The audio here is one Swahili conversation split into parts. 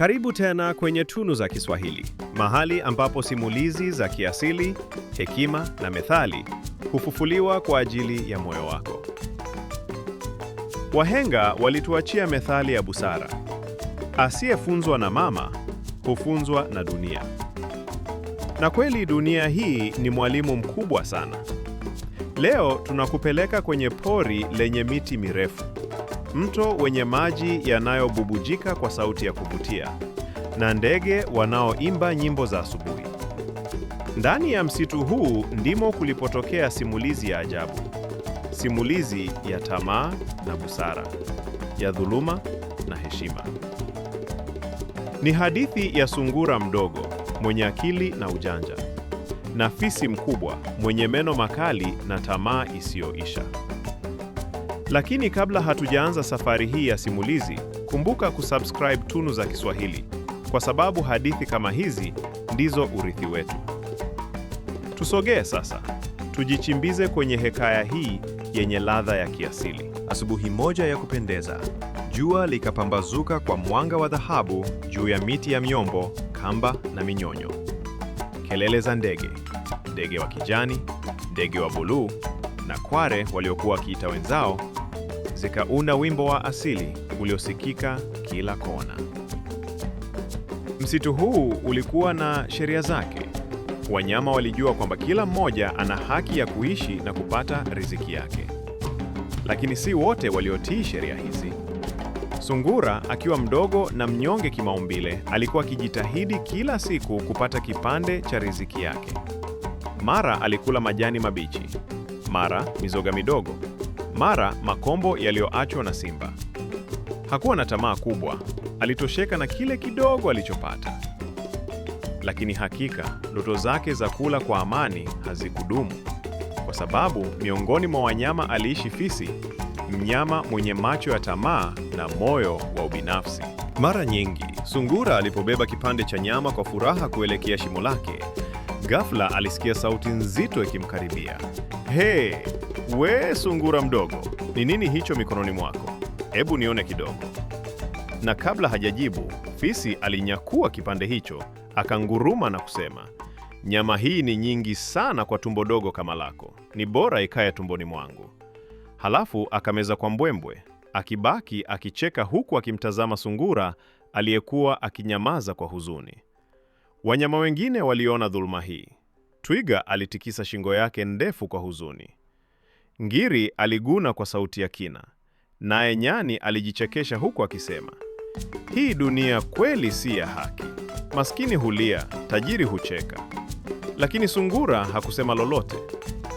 Karibu tena kwenye Tunu za Kiswahili, mahali ambapo simulizi za kiasili, hekima na methali hufufuliwa kwa ajili ya moyo wako. Wahenga walituachia methali ya busara, asiyefunzwa na mama hufunzwa na dunia. Na kweli dunia hii ni mwalimu mkubwa sana. Leo tunakupeleka kwenye pori lenye miti mirefu mto wenye maji yanayobubujika kwa sauti ya kuvutia na ndege wanaoimba nyimbo za asubuhi. Ndani ya msitu huu ndimo kulipotokea simulizi ya ajabu, simulizi ya tamaa na busara, ya dhuluma na heshima. Ni hadithi ya sungura mdogo mwenye akili na ujanja na fisi mkubwa mwenye meno makali na tamaa isiyoisha. Lakini kabla hatujaanza safari hii ya simulizi, kumbuka kusubscribe Tunu za Kiswahili, kwa sababu hadithi kama hizi ndizo urithi wetu. Tusogee sasa, tujichimbize kwenye hekaya hii yenye ladha ya kiasili. Asubuhi moja ya kupendeza, jua likapambazuka kwa mwanga wa dhahabu juu ya miti ya miombo, kamba na minyonyo. Kelele za ndege, ndege wa kijani, ndege wa buluu na kware waliokuwa wakiita wenzao zikaunda wimbo wa asili uliosikika kila kona. Msitu huu ulikuwa na sheria zake. Wanyama walijua kwamba kila mmoja ana haki ya kuishi na kupata riziki yake, lakini si wote waliotii sheria hizi. Sungura akiwa mdogo na mnyonge kimaumbile, alikuwa akijitahidi kila siku kupata kipande cha riziki yake. Mara alikula majani mabichi, mara mizoga midogo, mara makombo yaliyoachwa na simba. Hakuwa na tamaa kubwa, alitosheka na kile kidogo alichopata. Lakini hakika ndoto zake za kula kwa amani hazikudumu, kwa sababu miongoni mwa wanyama aliishi fisi, mnyama mwenye macho ya tamaa na moyo wa ubinafsi. Mara nyingi sungura alipobeba kipande cha nyama kwa furaha kuelekea shimo lake, ghafla alisikia sauti nzito ikimkaribia. He, We sungura mdogo, ni nini hicho mikononi mwako? Hebu nione kidogo. Na kabla hajajibu, fisi alinyakua kipande hicho, akanguruma na kusema, nyama hii ni nyingi sana kwa tumbo dogo kama lako, ni bora ikae tumboni mwangu. Halafu akameza kwa mbwembwe, akibaki akicheka huku akimtazama sungura aliyekuwa akinyamaza kwa huzuni. Wanyama wengine waliona dhuluma hii. Twiga alitikisa shingo yake ndefu kwa huzuni. Ngiri aliguna kwa sauti ya kina, naye nyani alijichekesha huku akisema, hii dunia kweli si ya haki, maskini hulia, tajiri hucheka. Lakini sungura hakusema lolote,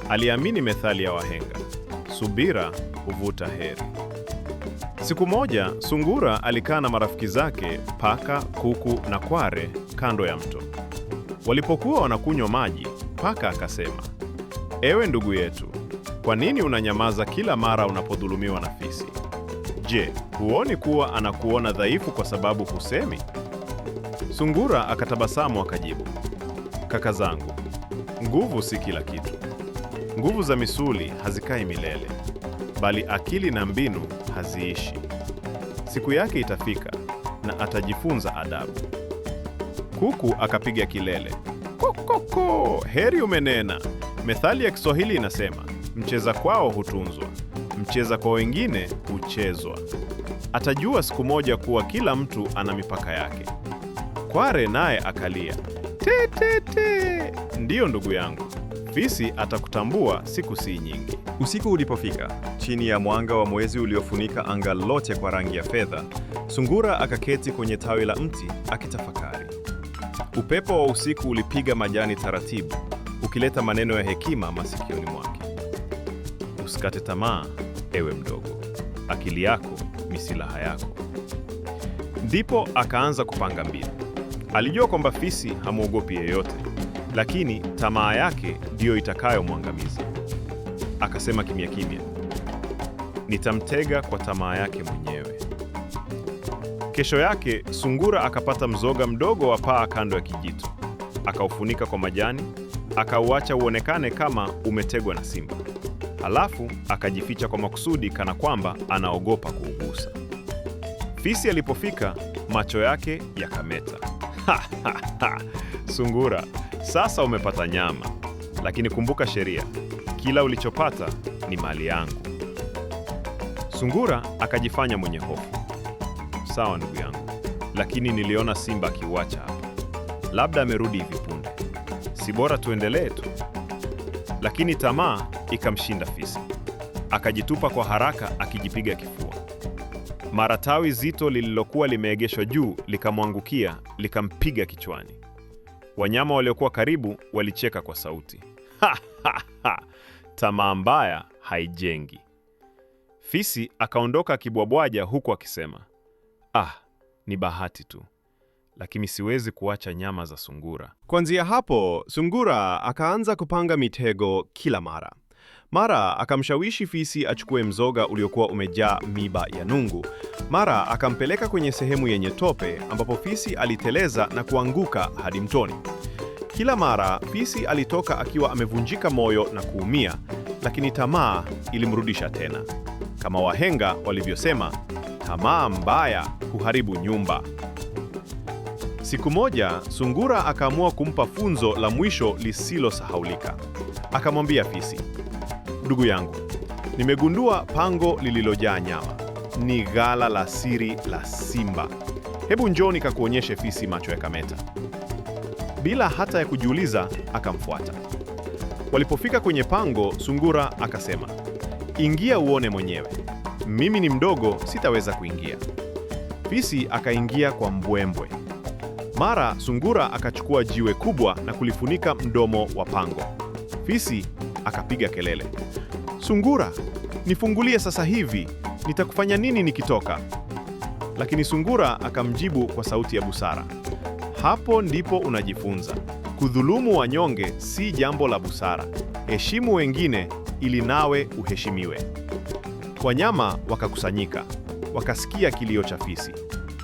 aliamini methali ya wahenga, subira huvuta heri. Siku moja sungura alikaa na marafiki zake paka, kuku na kware kando ya mto. Walipokuwa wanakunywa maji, paka akasema, ewe ndugu yetu kwa nini unanyamaza kila mara unapodhulumiwa na fisi? Je, huoni kuwa anakuona dhaifu kwa sababu husemi? Sungura akatabasamu akajibu, kaka zangu, nguvu si kila kitu. Nguvu za misuli hazikai milele, bali akili na mbinu haziishi. Siku yake itafika na atajifunza adabu. Kuku akapiga kilele, kokoko, heri umenena. Methali ya Kiswahili inasema Mcheza kwao hutunzwa, mcheza kwa wengine huchezwa. Atajua siku moja kuwa kila mtu ana mipaka yake. Kware naye akalia tetete Ndiyo ndugu yangu, fisi atakutambua siku si nyingi. Usiku ulipofika, chini ya mwanga wa mwezi uliofunika anga lote kwa rangi ya fedha, sungura akaketi kwenye tawi la mti akitafakari. Upepo wa usiku ulipiga majani taratibu, ukileta maneno ya hekima masikioni mwake. Usikate tamaa, ewe mdogo, akili yako ni silaha yako. Ndipo akaanza kupanga mbinu. Alijua kwamba fisi hamwogopi yeyote, lakini tamaa yake ndiyo itakayomwangamiza. Akasema kimya kimya, nitamtega kwa tamaa yake mwenyewe. Kesho yake sungura akapata mzoga mdogo wa paa kando ya kijito, akaufunika kwa majani, akauacha uonekane kama umetegwa na simba halafu akajificha kwa makusudi kana kwamba anaogopa kuugusa. Fisi alipofika, macho yake yakameta. Sungura, sasa umepata nyama, lakini kumbuka sheria, kila ulichopata ni mali yangu. Sungura akajifanya mwenye hofu. Sawa ndugu yangu, lakini niliona simba akiuacha hapa, labda amerudi hivi punde. Si bora tuendelee tu? lakini tamaa ikamshinda fisi, akajitupa kwa haraka akijipiga kifua. Mara tawi zito lililokuwa limeegeshwa juu likamwangukia likampiga kichwani. Wanyama waliokuwa karibu walicheka kwa sauti, ha, ha, ha. Tamaa mbaya haijengi. Fisi akaondoka akibwabwaja huku akisema, ah, ni bahati tu lakini siwezi kuacha nyama za sungura. Kuanzia hapo, sungura akaanza kupanga mitego kila mara. Mara akamshawishi fisi achukue mzoga uliokuwa umejaa miba ya nungu. Mara akampeleka kwenye sehemu yenye tope ambapo fisi aliteleza na kuanguka hadi mtoni. Kila mara fisi alitoka akiwa amevunjika moyo na kuumia, lakini tamaa ilimrudisha tena. Kama wahenga walivyosema, tamaa mbaya huharibu nyumba. Siku moja sungura akaamua kumpa funzo la mwisho lisilosahaulika. Akamwambia fisi, ndugu yangu, nimegundua pango lililojaa nyama ni ghala la siri la simba. Hebu njoo nikakuonyeshe. Fisi macho yakameta. Bila hata ya kujiuliza, akamfuata. Walipofika kwenye pango, sungura akasema, ingia uone mwenyewe, mimi ni mdogo, sitaweza kuingia. Fisi akaingia kwa mbwembwe. Mara sungura akachukua jiwe kubwa na kulifunika mdomo wa pango. Fisi akapiga kelele, sungura, nifungulie sasa hivi, nitakufanya nini nikitoka? Lakini sungura akamjibu kwa sauti ya busara, hapo ndipo unajifunza kudhulumu wanyonge si jambo la busara. Heshimu wengine ili nawe uheshimiwe. Wanyama wakakusanyika, wakasikia kilio cha fisi.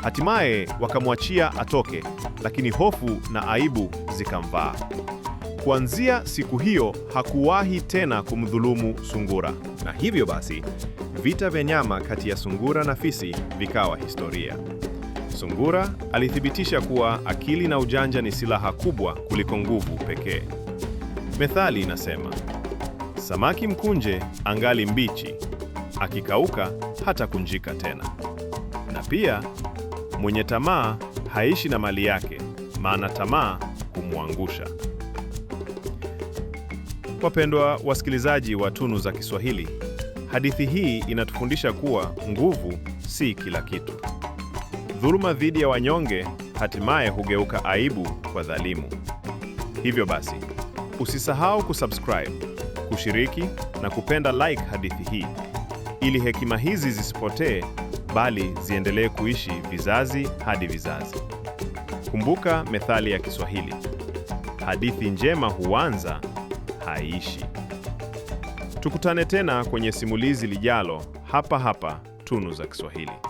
Hatimaye wakamwachia atoke, lakini hofu na aibu zikamvaa. Kuanzia siku hiyo hakuwahi tena kumdhulumu sungura, na hivyo basi vita vya nyama kati ya sungura na fisi vikawa historia. Sungura alithibitisha kuwa akili na ujanja ni silaha kubwa kuliko nguvu pekee. Methali inasema samaki mkunje angali mbichi, akikauka hata kunjika tena. Na pia Mwenye tamaa haishi na mali yake, maana tamaa humwangusha. Wapendwa wasikilizaji wa Tunu za Kiswahili, hadithi hii inatufundisha kuwa nguvu si kila kitu. Dhuluma dhidi ya wanyonge hatimaye hugeuka aibu kwa dhalimu. Hivyo basi, usisahau kusubscribe, kushiriki na kupenda like hadithi hii ili hekima hizi zisipotee bali ziendelee kuishi vizazi hadi vizazi. Kumbuka methali ya Kiswahili, hadithi njema huanza, haiishi. Tukutane tena kwenye simulizi lijalo, hapa hapa Tunu za Kiswahili.